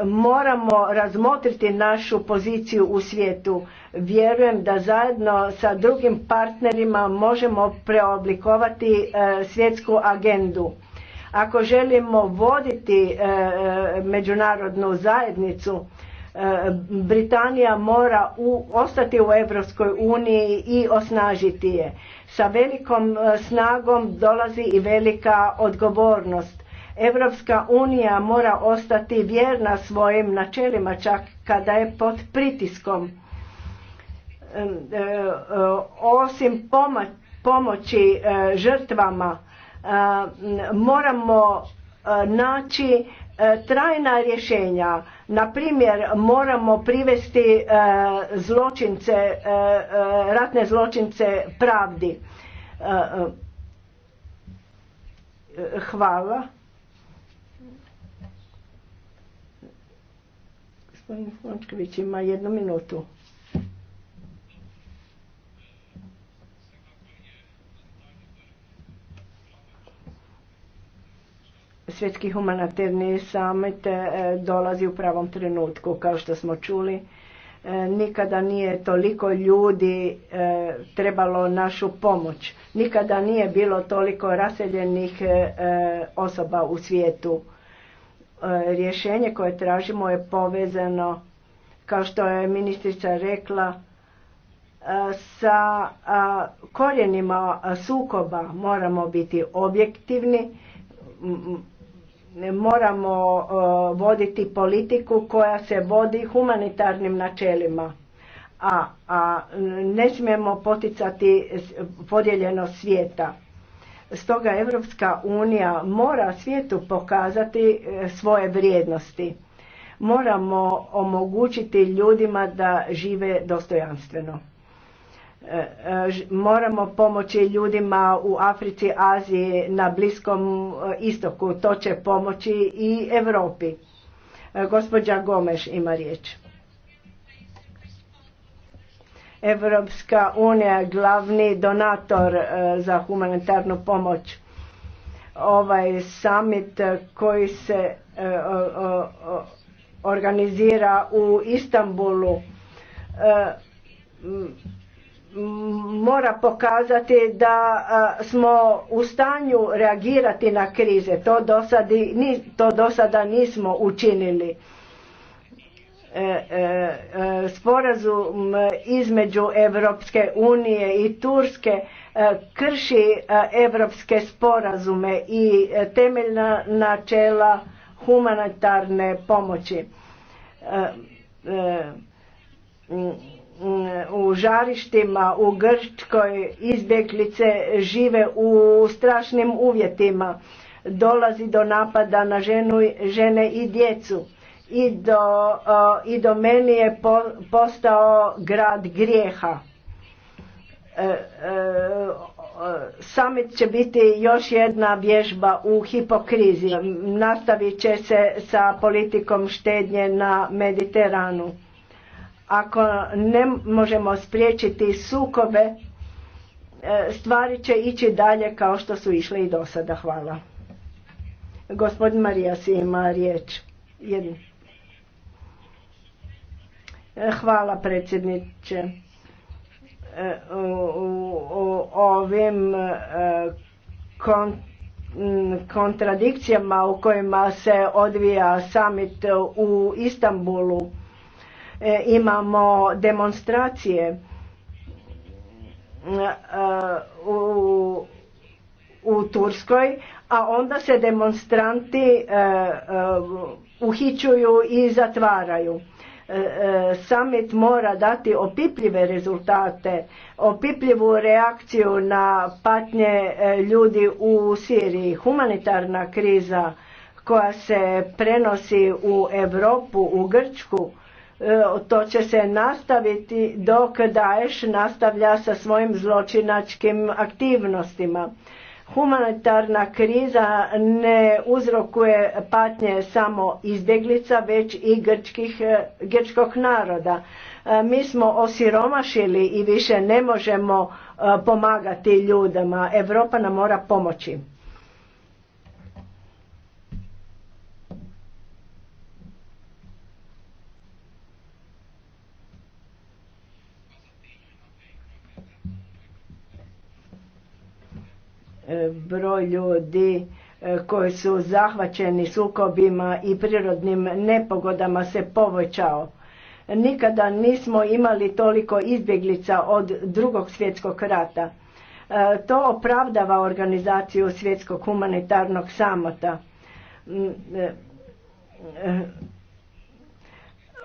moramo razmotriti našu poziciju u svijetu. Vjerujem da zajedno sa drugim partnerima možemo preoblikovati e, svjetsku agendu. Ako želimo voditi e, e, međunarodnu zajednicu, Britanija mora ostati u Europskoj uniji i osnažiti je. Sa velikom snagom dolazi i velika odgovornost Evropska unija mora ostati vjerna svojim načelima čak kada je pod pritiskom. E, e, e, osim pomoći žrtvama moramo naći trajna rješenja. Na primjer, moramo privesti zločince, ratne zločince pravdi. Hvala. Gospodin Fončković ima jednu minutu. Svjetski humanitarni summit e, dolazi u pravom trenutku, kao što smo čuli. E, nikada nije toliko ljudi e, trebalo našu pomoć. Nikada nije bilo toliko raseljenih osoba u svijetu E, rješenje koje tražimo je povezano, kao što je ministrica rekla, e, sa e, korjenima sukoba moramo biti objektivni, moramo voditi politiku koja se vodi humanitarnim načelima, a, ne smijemo poticati podijeljeno svijeta Stoga Evropska unija mora svijetu pokazati e, svoje vrijednosti. Moramo omogućiti ljudima da žive dostojanstveno. E, e, moramo pomoći ljudima u Africi, Aziji, na Bliskom istoku. To će pomoći i Europi. Gospođa Gomeš ima riječ. Evropska unija je glavni donator e, za humanitarnu pomoć. Ovaj summit koji se e, organizira u Istanbulu e, mora pokazati da smo u stanju reagirati na krize. To, to do sada nismo učinili E, e, sporazum između Europske unije i Turske e, krši europske sporazume i temeljna načela humanitarne pomoći. U žarištima u Grčkoj izbjeglice žive u strašnim uvjetima. Dolazi do napada na žene i djecu i do, i do meni je postao grad grijeha. E, e, Samit će biti još jedna vježba u hipokrizi. Nastavit će se sa politikom štednje na Mediteranu. Ako ne možemo spriječiti sukobe, e, stvari će ići dalje kao što su išle i do sada. Hvala. Gospodin Marijas ima riječ. Jedin. Hvala predsjedniče. E, u ovim e, kontradikcijama u kojima se odvija summit u Istanbulu e, imamo demonstracije u Turskoj, a onda se demonstranti uhićuju i zatvaraju. E, e, summit mora dati opipljive rezultate, opipljivu reakciju na patnje e, ljudi u Siriji. Humanitarna kriza koja se prenosi u Europu, u Grčku, to će se nastaviti dok Daesh nastavlja sa svojim zločinačkim aktivnostima. Humanitarna kriza ne uzrokuje patnje samo izbjeglica, već i grčkih, e, grčkog naroda. E, mi smo osiromašili i više ne možemo e, pomagati ljudima. Europa nam mora pomoći. E, broj ljudi e, koji su zahvaćeni sukobima i prirodnim nepogodama se povećao. Nikada nismo imali toliko izbjeglica od drugog svjetskog rata. E, to opravdava organizaciju svjetskog humanitarnog samota. Mm,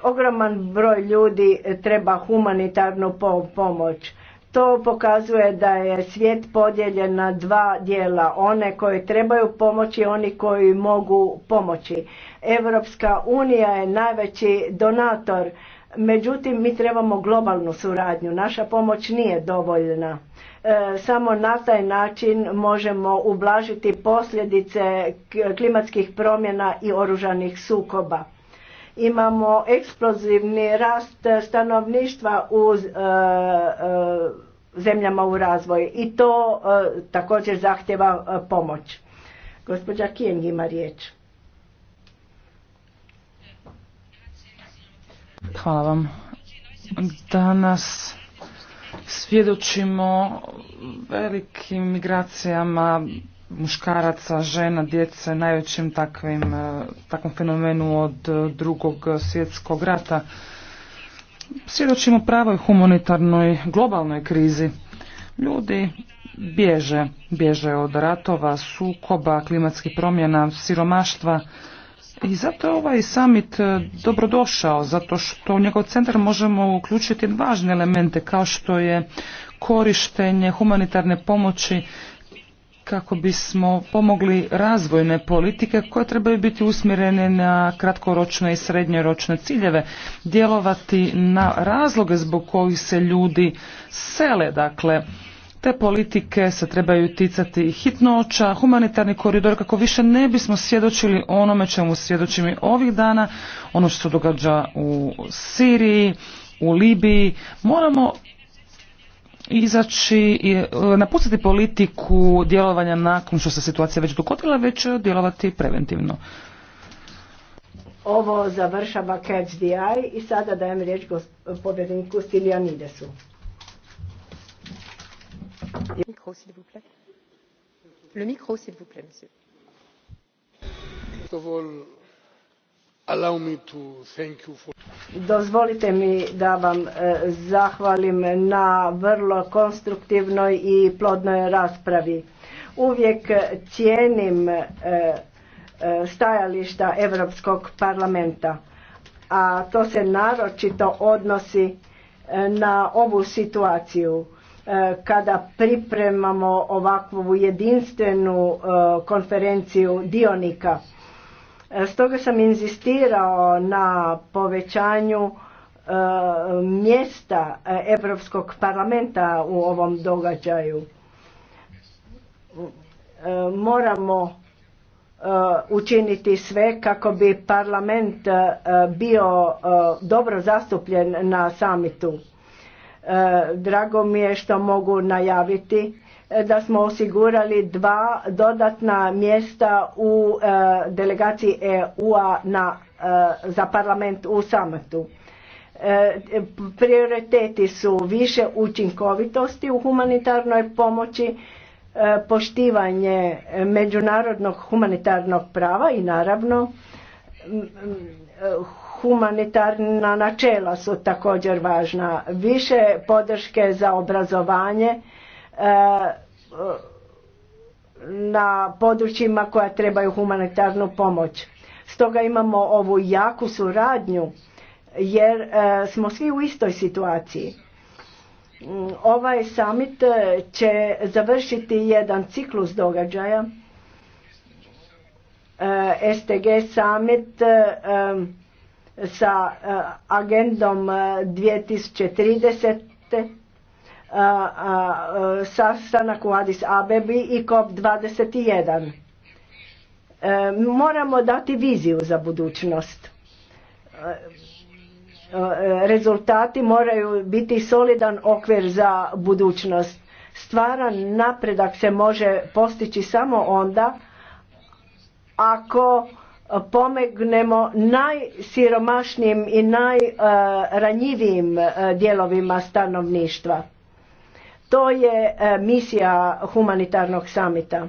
ogroman broj ljudi treba humanitarnu pomoć to pokazuje da je svijet podijeljen na dva dijela, one koji trebaju pomoći i oni koji mogu pomoći. Europska unija je najveći donator, međutim mi trebamo globalnu suradnju, naša pomoć nije dovoljna. E, samo na taj način možemo ublažiti posljedice klimatskih promjena i oružanih sukoba Imamo eksplozivni rast stanovništva u e, e, zemljama u razvoju i to e, također zahtjeva pomoć. Gospođa Kijeng ima riječ. Hvala vam. Danas svjedočimo velikim migracijama muškaraca, žena, djece najvećim takvim, e, takvom fenomenu od e, drugog svjetskog rata. Svjedočimo pravoj humanitarnoj globalnoj krizi. Ljudi bježe, bježe od ratova, sukoba, klimatskih promjena, siromaštva i zato je ovaj summit e, dobrodošao, zato što u njegov centar možemo uključiti važne elemente kao što je korištenje humanitarne pomoći kako bismo pomogli razvojne politike koje trebaju biti usmjerene na kratkoročne i srednjoročne ciljeve, djelovati na razloge zbog kojih se ljudi sele, dakle te politike se trebaju ticati hitnoća, humanitarni koridor kako više ne bismo svjedočili onome čemu svjedočimo ovih dana, ono što se događa u Siriji, u Libiji. Moramo izaći i e, napustiti politiku djelovanja nakon što se situacija već dogodila, već e, djelovati preventivno. Ovo završava Catch the i sada dajem riječ povjedniku Stilijanidesu. Mikro, s'il vous plaît. Le micro, s'il vous plaît, Dozvolite mi da vam e, zahvalim na vrlo konstruktivnoj i plodnoj raspravi. Uvijek cijenim e, e, stajališta Europskog parlamenta, a to se naročito odnosi na ovu situaciju kada pripremamo ovakvu jedinstvenu konferenciju dionika Stoga sam inzistirao na povećanju e, mjesta e, Europskog parlamenta u ovom događaju. E, moramo učiniti sve kako bi parlament bio dobro zastupljen na samitu. Drago mi je što mogu najaviti da smo osigurali dva dodatna mjesta u e, delegaciji EU-a e, za parlament u sametu. E, prioriteti su više učinkovitosti u humanitarnoj pomoći, poštivanje međunarodnog humanitarnog prava i naravno humanitarna načela su također važna. Više podrške za obrazovanje, E, e, na područjima koja trebaju humanitarnu pomoć. Stoga imamo ovu jaku suradnju jer e, smo svi u istoj situaciji. Mm, ovaj summit će završiti jedan ciklus događaja. STG summit sa agendom 2030 sastanak u Addis Abebi i COP21. E, moramo dati viziju za budućnost. E, e, rezultati moraju biti solidan okvir za budućnost. Stvaran napredak se može postići samo onda ako pomegnemo najsiromašnijim i najranjivijim dijelovima stanovništva. To je e, misija humanitarnog samita. E,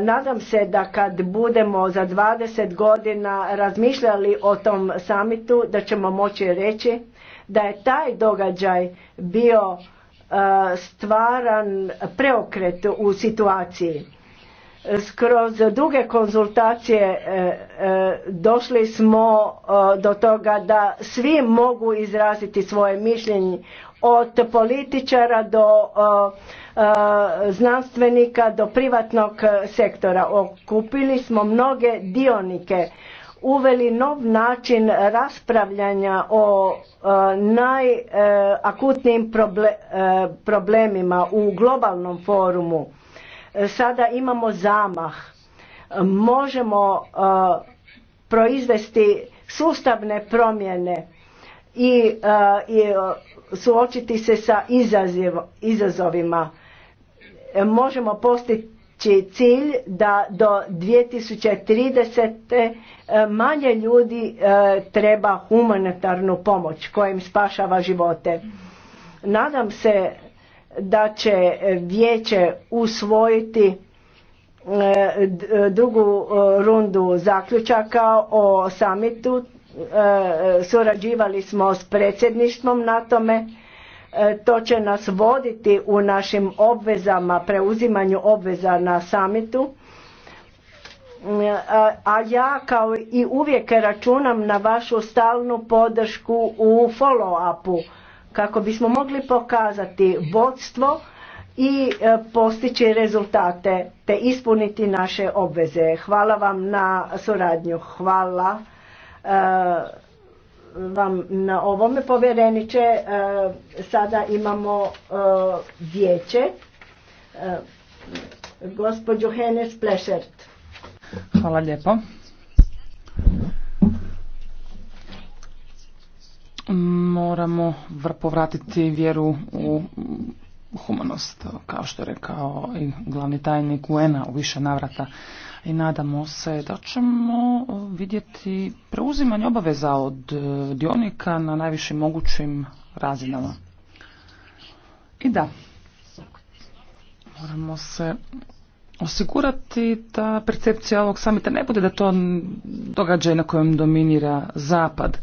nadam se da kad budemo za 20 godina razmišljali o tom samitu, da ćemo moći reći da je taj događaj bio e, stvaran preokret u situaciji. Skroz duge konzultacije došli smo do toga da svi mogu izraziti svoje mišljenje od političara do znanstvenika do privatnog sektora. Okupili smo mnoge dionike, uveli nov način raspravljanja o najakutnijim e, problemima u globalnom forumu. Sada imamo zamah. Možemo proizvesti sustavne promjene i, e, i suočiti se sa izazovima. E, možemo postići cilj da do 2030. E, manje ljudi e, treba humanitarnu pomoć kojim spašava živote. Nadam se da će vijeće usvojiti drugu rundu zaključaka o samitu E, e, surađivali smo s predsjedništvom na tome e, to će nas voditi u našim obvezama preuzimanju obveza na samitu a ja kao i uvijek računam na vašu stalnu podršku u follow-upu kako bismo mogli pokazati vodstvo i postići rezultate te ispuniti naše obveze. Hvala vam na suradnju. Hvala. Eh, vam na ovome povjereniče. Eh, sada imamo eh, vijeće. Gospođu Henes Plešert. Hvala lijepo. Moramo povratiti vjeru u humanost, kao što je rekao i glavni tajnik un u više navrata i nadamo se da ćemo e, vidjeti preuzimanje obaveza od e, dionika na najvišim mogućim razinama. I da, moramo se osigurati da percepcija ovog samita ne bude da to događaj na kojem dominira zapad.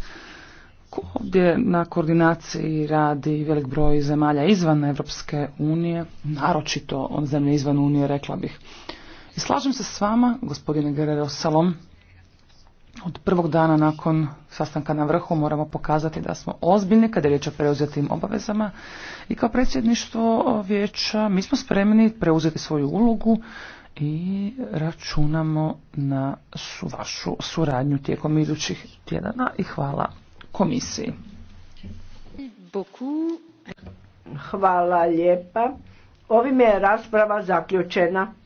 Ovdje na koordinaciji radi velik broj zemalja izvan Evropske unije, naročito od zemlje izvan unije, rekla bih. I slažem se s vama, gospodine Guerrero Salom, od prvog dana nakon sastanka na vrhu moramo pokazati da smo ozbiljni kada je riječ o preuzetim obavezama i kao predsjedništvo vijeća mi smo spremni preuzeti svoju ulogu i računamo na su vašu suradnju tijekom idućih tjedana i hvala komisiji. Hvala lijepa. Ovime je rasprava zaključena.